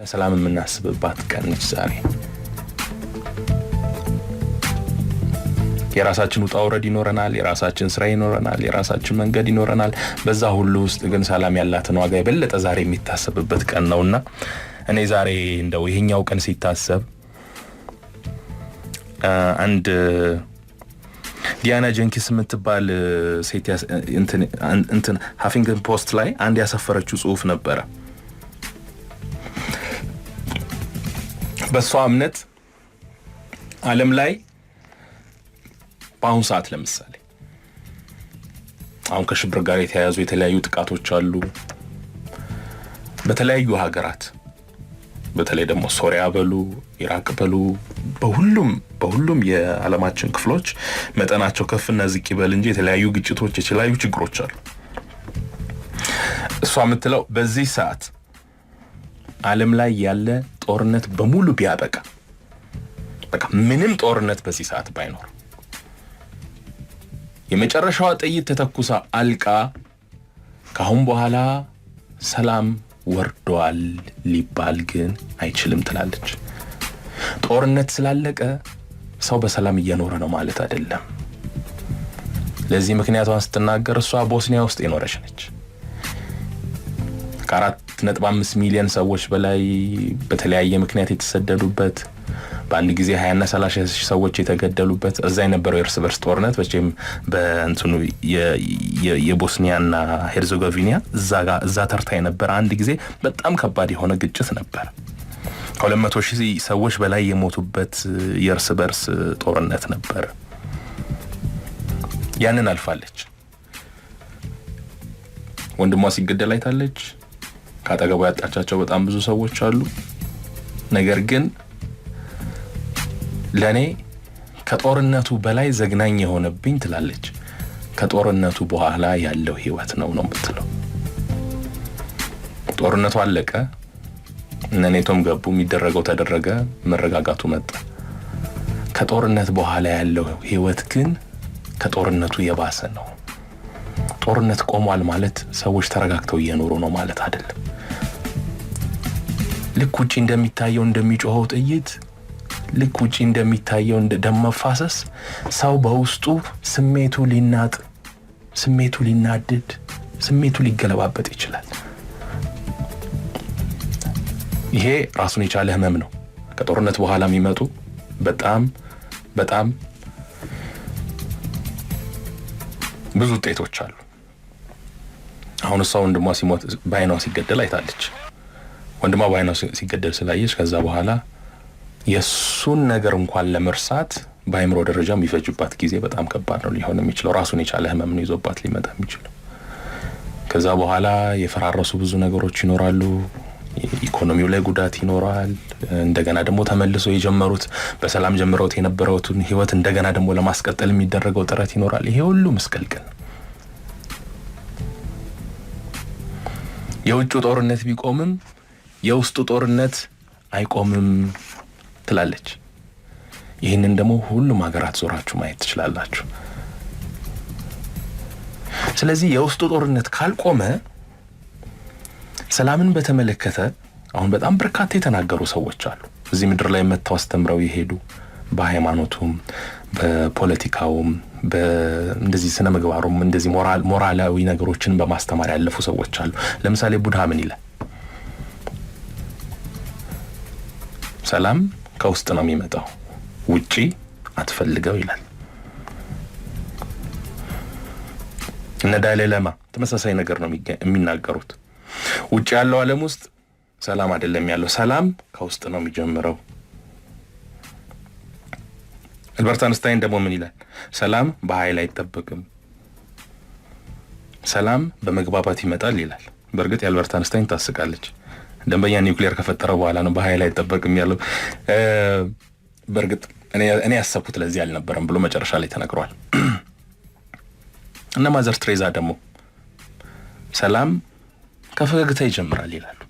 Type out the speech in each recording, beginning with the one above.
ለሰላም የምናስብባት ቀን ነች ዛሬ። የራሳችን ውጣ ውረድ ይኖረናል። የራሳችን ስራ ይኖረናል። የራሳችን መንገድ ይኖረናል። በዛ ሁሉ ውስጥ ግን ሰላም ያላትን ዋጋ የበለጠ ዛሬ የሚታሰብበት ቀን ነውና እኔ ዛሬ እንደው ይሄኛው ቀን ሲታሰብ አንድ ዲያና ጀንኪስ የምትባል ሴት እንትን ሀፊንግተን ፖስት ላይ አንድ ያሰፈረችው ጽሁፍ ነበረ በእሷ እምነት ዓለም ላይ በአሁኑ ሰዓት ለምሳሌ አሁን ከሽብር ጋር የተያያዙ የተለያዩ ጥቃቶች አሉ። በተለያዩ ሀገራት በተለይ ደግሞ ሶሪያ በሉ ኢራቅ በሉ በሁሉም በሁሉም የዓለማችን ክፍሎች መጠናቸው ከፍና ዝቅ ይበል እንጂ የተለያዩ ግጭቶች፣ የተለያዩ ችግሮች አሉ። እሷ የምትለው በዚህ ሰዓት ዓለም ላይ ያለ ጦርነት በሙሉ ቢያበቃ በቃ ምንም ጦርነት በዚህ ሰዓት ባይኖር የመጨረሻዋ ጥይት ተተኩሳ አልቃ ከአሁን በኋላ ሰላም ወርዷል ሊባል ግን አይችልም ትላለች። ጦርነት ስላለቀ ሰው በሰላም እየኖረ ነው ማለት አይደለም። ለዚህ ምክንያቷን ስትናገር እሷ ቦስኒያ ውስጥ የኖረች ነች። ከአራት ከ ሚሊዮን ሰዎች በላይ በተለያየ ምክንያት የተሰደዱበት በአንድ ጊዜ 20ና ሺህ ሰዎች የተገደሉበት እዛ የነበረው የእርስ በርስ ጦርነት በም በእንትኑ የቦስኒያና ሄርዘጎቪና እዛ ተርታ የነበረ አንድ ጊዜ በጣም ከባድ የሆነ ግጭት ነበር። ከሁለት መቶ ሺህ ሰዎች በላይ የሞቱበት የእርስ በርስ ጦርነት ነበር። ያንን አልፋለች። ወንድሟ ሲገደል አይታለች። ከአጠገቧ ያጣቻቸው በጣም ብዙ ሰዎች አሉ። ነገር ግን ለእኔ ከጦርነቱ በላይ ዘግናኝ የሆነብኝ ትላለች፣ ከጦርነቱ በኋላ ያለው ህይወት ነው ነው የምትለው። ጦርነቱ አለቀ፣ እነ ኔቶም ገቡ፣ የሚደረገው ተደረገ፣ መረጋጋቱ መጣ። ከጦርነት በኋላ ያለው ህይወት ግን ከጦርነቱ የባሰ ነው። ጦርነት ቆሟል ማለት ሰዎች ተረጋግተው እየኖሩ ነው ማለት አይደለም። ልክ ውጭ እንደሚታየው እንደሚጮኸው ጥይት፣ ልክ ውጭ እንደሚታየው ደም መፋሰስ ሰው በውስጡ ስሜቱ ሊናጥ፣ ስሜቱ ሊናድድ፣ ስሜቱ ሊገለባበጥ ይችላል። ይሄ ራሱን የቻለ ህመም ነው። ከጦርነት በኋላ የሚመጡ በጣም በጣም ብዙ ውጤቶች አሉ። አሁን እሷ ወንድሟ ሲሞት በአይኗ ሲገደል አይታለች። ወንድሟ በአይኗ ሲገደል ስላየች ከዛ በኋላ የእሱን ነገር እንኳን ለመርሳት በአይምሮ ደረጃ የሚፈጅባት ጊዜ በጣም ከባድ ነው ሊሆን የሚችለው። ራሱን የቻለ ህመም ነው ይዞባት ሊመጣ የሚችለው። ከዛ በኋላ የፈራረሱ ብዙ ነገሮች ይኖራሉ። ኢኮኖሚው ላይ ጉዳት ይኖራል። እንደገና ደግሞ ተመልሶ የጀመሩት በሰላም ጀምረውት የነበረውትን ህይወት እንደገና ደግሞ ለማስቀጠል የሚደረገው ጥረት ይኖራል። ይሄ ሁሉ ምስቅልቅል የውጭ ጦርነት ቢቆምም የውስጡ ጦርነት አይቆምም ትላለች። ይህንን ደግሞ ሁሉም ሀገራት ዞራችሁ ማየት ትችላላችሁ። ስለዚህ የውስጡ ጦርነት ካልቆመ ሰላምን በተመለከተ አሁን በጣም በርካታ የተናገሩ ሰዎች አሉ። እዚህ ምድር ላይ መጥተው አስተምረው የሄዱ በሃይማኖቱም በፖለቲካውም እንደዚህ ስነ ምግባሩም እንደዚህ ሞራላዊ ነገሮችን በማስተማር ያለፉ ሰዎች አሉ። ለምሳሌ ቡድሃ ምን ይላል? ሰላም ከውስጥ ነው የሚመጣው ውጪ አትፈልገው ይላል። እነ ዳሌ ለማ ተመሳሳይ ነገር ነው የሚናገሩት። ውጭ ያለው ዓለም ውስጥ ሰላም አይደለም ያለው፣ ሰላም ከውስጥ ነው የሚጀምረው አልበርት አንስታይን ደግሞ ምን ይላል? ሰላም በኃይል አይጠበቅም፣ ሰላም በመግባባት ይመጣል ይላል። በእርግጥ የአልበርት አንስታይን ታስቃለች። ደንበኛ ኒውክሊየር ከፈጠረ በኋላ ነው በኃይል አይጠበቅም ያለው። በእርግጥ እኔ ያሰብኩት ለዚህ አልነበረም ብሎ መጨረሻ ላይ ተነግሯል። እና ማዘር ትሬዛ ደግሞ ሰላም ከፈገግታ ይጀምራል ይላሉ።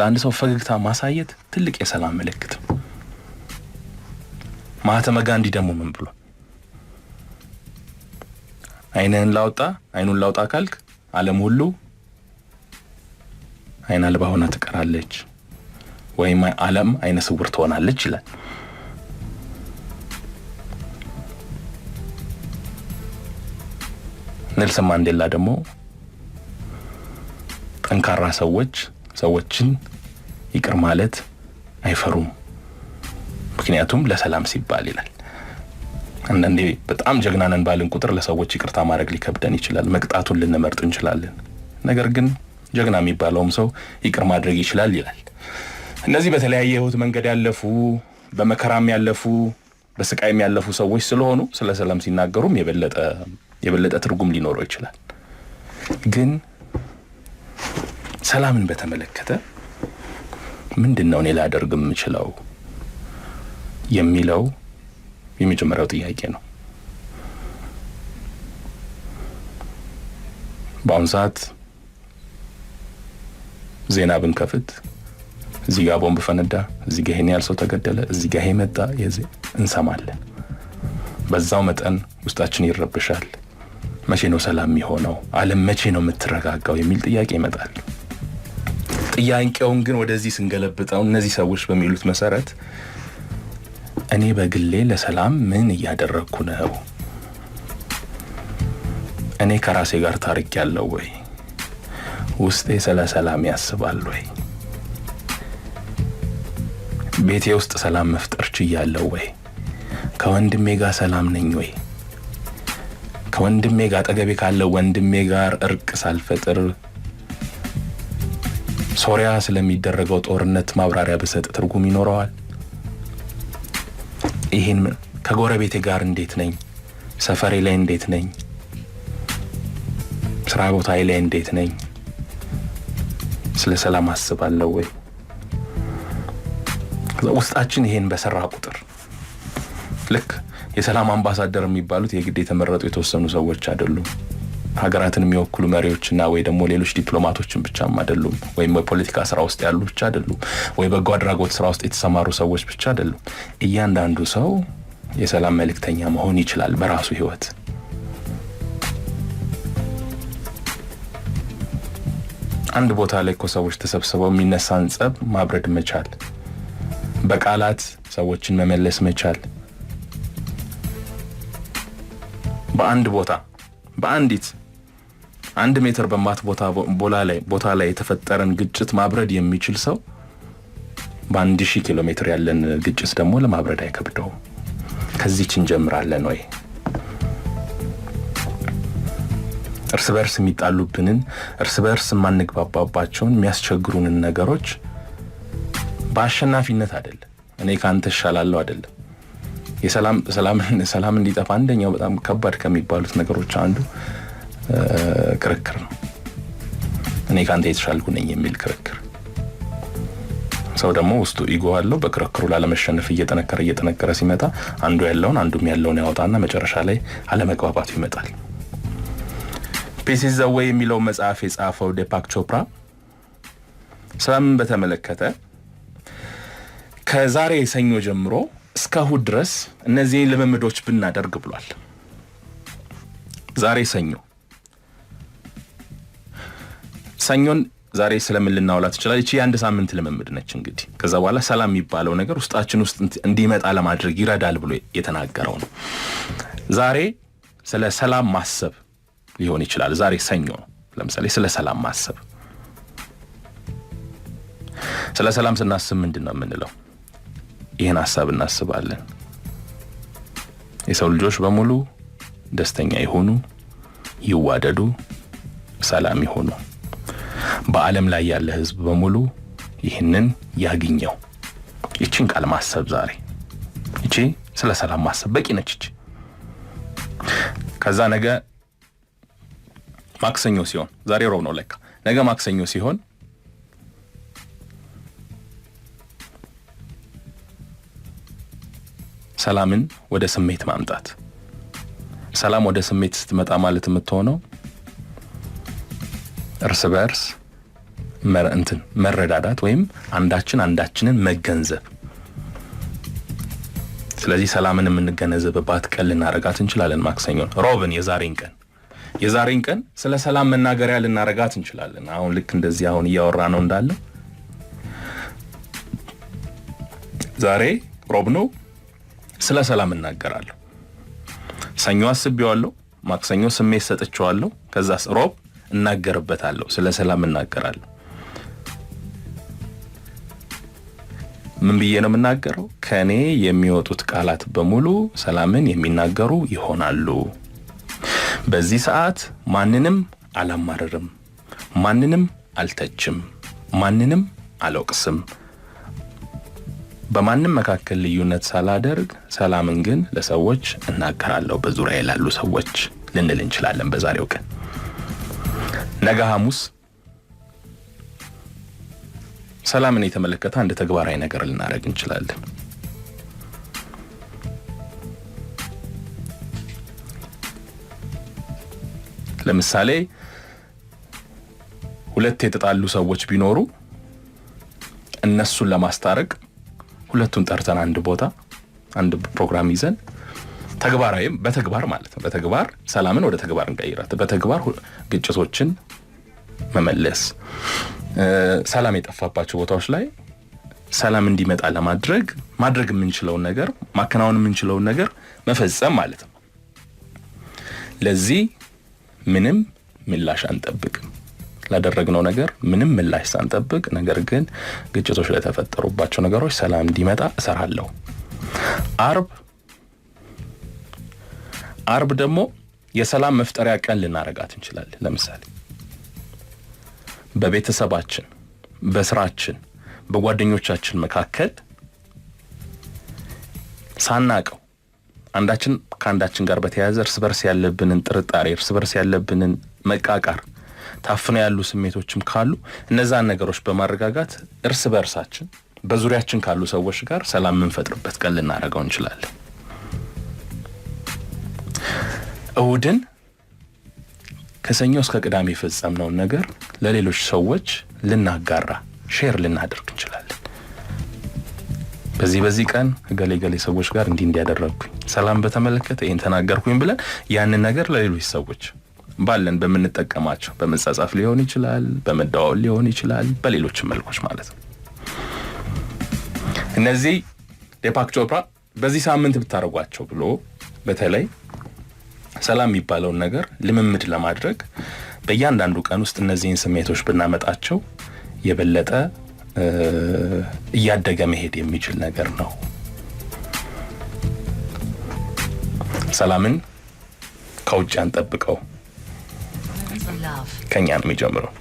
ለአንድ ሰው ፈገግታ ማሳየት ትልቅ የሰላም ምልክት ነው። ማህተመ ጋንዲ ደግሞ ምን ብሎ አይንህን ላውጣ አይኑን ላውጣ ካልክ ዓለም ሁሉ አይን አልባ ሆና ትቀራለች ወይም ዓለም አይነ ስውር ትሆናለች ይላል። ኔልሰን ማንዴላ ደግሞ ጠንካራ ሰዎች ሰዎችን ይቅር ማለት አይፈሩም። ምክንያቱም ለሰላም ሲባል ይላል። አንዳንዴ በጣም ጀግና ነን ባልን ቁጥር ለሰዎች ይቅርታ ማድረግ ሊከብደን ይችላል። መቅጣቱን ልንመርጥ እንችላለን። ነገር ግን ጀግና የሚባለውም ሰው ይቅር ማድረግ ይችላል ይላል። እነዚህ በተለያየ የህይወት መንገድ ያለፉ በመከራም ያለፉ በስቃይም ያለፉ ሰዎች ስለሆኑ ስለ ሰላም ሲናገሩም የበለጠ ትርጉም ሊኖረው ይችላል። ግን ሰላምን በተመለከተ ምንድን ነው እኔ ላደርግ የምችለው? የሚለው የመጀመሪያው ጥያቄ ነው። በአሁኑ ሰዓት ዜና ብንከፍት እዚህ ጋር ቦምብ ፈነዳ፣ እዚህ ጋር ይሄን ያህል ሰው ተገደለ፣ እዚህ ጋር ይሄ መጣ እንሰማለን። በዛው መጠን ውስጣችን ይረብሻል። መቼ ነው ሰላም የሚሆነው? ዓለም መቼ ነው የምትረጋጋው? የሚል ጥያቄ ይመጣል። ጥያቄውን ግን ወደዚህ ስንገለብጠው እነዚህ ሰዎች በሚሉት መሰረት እኔ በግሌ ለሰላም ምን እያደረግኩ ነው? እኔ ከራሴ ጋር ታሪክ ያለው ወይ? ውስጤ ስለ ሰላም ያስባል ወይ? ቤቴ ውስጥ ሰላም መፍጠር ችያለው ወይ? ከወንድሜ ጋር ሰላም ነኝ ወይ? ከወንድሜ ጋር አጠገቤ ካለው ወንድሜ ጋር እርቅ ሳልፈጥር ሶሪያ ስለሚደረገው ጦርነት ማብራሪያ ብሰጥ ትርጉም ይኖረዋል? ይህን ከጎረቤቴ ጋር እንዴት ነኝ፣ ሰፈሬ ላይ እንዴት ነኝ፣ ስራ ቦታዬ ላይ እንዴት ነኝ፣ ስለ ሰላም አስባለሁ ወይ? ውስጣችን ይሄን በሰራ ቁጥር ልክ የሰላም አምባሳደር የሚባሉት የግድ የተመረጡ የተወሰኑ ሰዎች አይደሉም። ሀገራትን የሚወክሉ መሪዎችና ወይ ደግሞ ሌሎች ዲፕሎማቶችን ብቻም አይደሉም፣ ወይም በፖለቲካ ስራ ውስጥ ያሉ ብቻ አይደሉም፣ ወይ በጎ አድራጎት ስራ ውስጥ የተሰማሩ ሰዎች ብቻ አይደሉም። እያንዳንዱ ሰው የሰላም መልእክተኛ መሆን ይችላል በራሱ ህይወት። አንድ ቦታ ላይ እኮ ሰዎች ተሰብስበው የሚነሳን ጸብ ማብረድ መቻል፣ በቃላት ሰዎችን መመለስ መቻል፣ በአንድ ቦታ በአንዲት አንድ ሜትር በማት ቦታ ላይ የተፈጠረን ግጭት ማብረድ የሚችል ሰው በአንድ ሺህ ኪሎ ሜትር ያለን ግጭት ደግሞ ለማብረድ አይከብደውም። ከዚች እንጀምራለን ወይ እርስ በርስ የሚጣሉብንን እርስ በርስ የማንግባባባቸውን የሚያስቸግሩንን ነገሮች በአሸናፊነት አይደለም፣ እኔ ከአንተ እሻላለሁ አይደለም። የሰላም ሰላም እንዲጠፋ አንደኛው በጣም ከባድ ከሚባሉት ነገሮች አንዱ ክርክር ነው። እኔ ከአንተ የተሻልኩ ነኝ የሚል ክርክር። ሰው ደግሞ ውስጡ ኢጎ አለው። በክርክሩ ላለመሸነፍ እየጠነከረ እየጠነከረ ሲመጣ አንዱ ያለውን አንዱም ያለውን ያወጣና መጨረሻ ላይ አለመግባባቱ ይመጣል። ፒስ ኢዝ ዘ ዌይ የሚለው መጽሐፍ የጻፈው ዴፓክ ቾፕራ ሰላምን በተመለከተ ከዛሬ ሰኞ ጀምሮ እስከ እሁድ ድረስ እነዚህን ልምምዶች ብናደርግ ብሏል። ዛሬ ሰኞ ሰኞን ዛሬ ስለምን ልናውላ ትችላለች። የአንድ ሳምንት ልምምድ ነች። እንግዲህ ከዛ በኋላ ሰላም የሚባለው ነገር ውስጣችን ውስጥ እንዲመጣ ለማድረግ ይረዳል ብሎ የተናገረው ነው። ዛሬ ስለ ሰላም ማሰብ ሊሆን ይችላል። ዛሬ ሰኞ ነው። ለምሳሌ ስለ ሰላም ማሰብ፣ ስለ ሰላም ስናስብ ምንድን ነው የምንለው? ይህን ሀሳብ እናስባለን። የሰው ልጆች በሙሉ ደስተኛ ይሆኑ፣ ይዋደዱ፣ ሰላም ይሆኑ። በዓለም ላይ ያለ ህዝብ በሙሉ ይህንን ያግኘው። ይችን ቃል ማሰብ ዛሬ ይቺ ስለ ሰላም ማሰብ በቂ ነች። ይች ከዛ ነገ ማክሰኞ ሲሆን ዛሬ ሮብ ነው ለካ ነገ ማክሰኞ ሲሆን ሰላምን ወደ ስሜት ማምጣት። ሰላም ወደ ስሜት ስትመጣ ማለት የምትሆነው እርስ በእርስ እንትን መረዳዳት ወይም አንዳችን አንዳችንን መገንዘብ። ስለዚህ ሰላምን የምንገነዘብባት ቀን ልናረጋት እንችላለን። ማክሰኞን፣ ሮብን፣ የዛሬን ቀን የዛሬን ቀን ስለ ሰላም መናገሪያ ልናረጋት እንችላለን። አሁን ልክ እንደዚህ አሁን እያወራ ነው እንዳለ ዛሬ ሮብ ነው፣ ስለ ሰላም እናገራለሁ። ሰኞ አስቤዋለሁ፣ ማክሰኞ ስሜት ሰጥቼዋለሁ፣ ከዛ ሮብ እናገርበታለሁ፣ ስለ ሰላም እናገራለሁ። ምን ብዬ ነው የምናገረው? ከእኔ የሚወጡት ቃላት በሙሉ ሰላምን የሚናገሩ ይሆናሉ። በዚህ ሰዓት ማንንም አላማርርም፣ ማንንም አልተችም፣ ማንንም አልወቅስም። በማንም መካከል ልዩነት ሳላደርግ ሰላምን ግን ለሰዎች እናገራለሁ። በዙሪያ ላሉ ሰዎች ልንል እንችላለን። በዛሬው ቀን ነገ ሐሙስ ሰላምን የተመለከተ አንድ ተግባራዊ ነገር ልናደርግ እንችላለን። ለምሳሌ ሁለት የተጣሉ ሰዎች ቢኖሩ እነሱን ለማስታረቅ ሁለቱን ጠርተን አንድ ቦታ አንድ ፕሮግራም ይዘን ተግባራዊም በተግባር ማለት ነው። በተግባር ሰላምን ወደ ተግባር እንቀይራት። በተግባር ግጭቶችን መመለስ ሰላም የጠፋባቸው ቦታዎች ላይ ሰላም እንዲመጣ ለማድረግ ማድረግ የምንችለውን ነገር ማከናወን የምንችለውን ነገር መፈጸም ማለት ነው። ለዚህ ምንም ምላሽ አንጠብቅም። ላደረግነው ነገር ምንም ምላሽ ሳንጠብቅ፣ ነገር ግን ግጭቶች ለተፈጠሩባቸው ነገሮች ሰላም እንዲመጣ እሰራለሁ። አርብ አርብ ደግሞ የሰላም መፍጠሪያ ቀን ልናረጋት እንችላለን። ለምሳሌ በቤተሰባችን፣ በስራችን፣ በጓደኞቻችን መካከል ሳናቀው አንዳችን ከአንዳችን ጋር በተያያዘ እርስ በርስ ያለብንን ጥርጣሬ፣ እርስ በርስ ያለብንን መቃቃር፣ ታፍነው ያሉ ስሜቶችም ካሉ እነዛን ነገሮች በማረጋጋት እርስ በርሳችን በዙሪያችን ካሉ ሰዎች ጋር ሰላም የምንፈጥርበት ቀን ልናደርገው እንችላለን። እሁድን ከሰኞ እስከ ቅዳሜ የፈጸምነውን ነገር ለሌሎች ሰዎች ልናጋራ ሼር ልናደርግ እንችላለን። በዚህ በዚህ ቀን ገሌ ገሌ ሰዎች ጋር እንዲህ እንዲያደረግኩኝ ሰላም በተመለከተ ይህን ተናገርኩኝ ብለን ያንን ነገር ለሌሎች ሰዎች ባለን በምንጠቀማቸው በመጻጻፍ ሊሆን ይችላል፣ በመደዋወል ሊሆን ይችላል፣ በሌሎችም መልኮች ማለት ነው። እነዚህ ዴፓክ ቾፕራ በዚህ ሳምንት ብታደርጓቸው ብሎ በተለይ ሰላም የሚባለውን ነገር ልምምድ ለማድረግ በእያንዳንዱ ቀን ውስጥ እነዚህን ስሜቶች ብናመጣቸው የበለጠ እያደገ መሄድ የሚችል ነገር ነው። ሰላምን ከውጭ አንጠብቀው፣ ከእኛ ነው የሚጀምረው።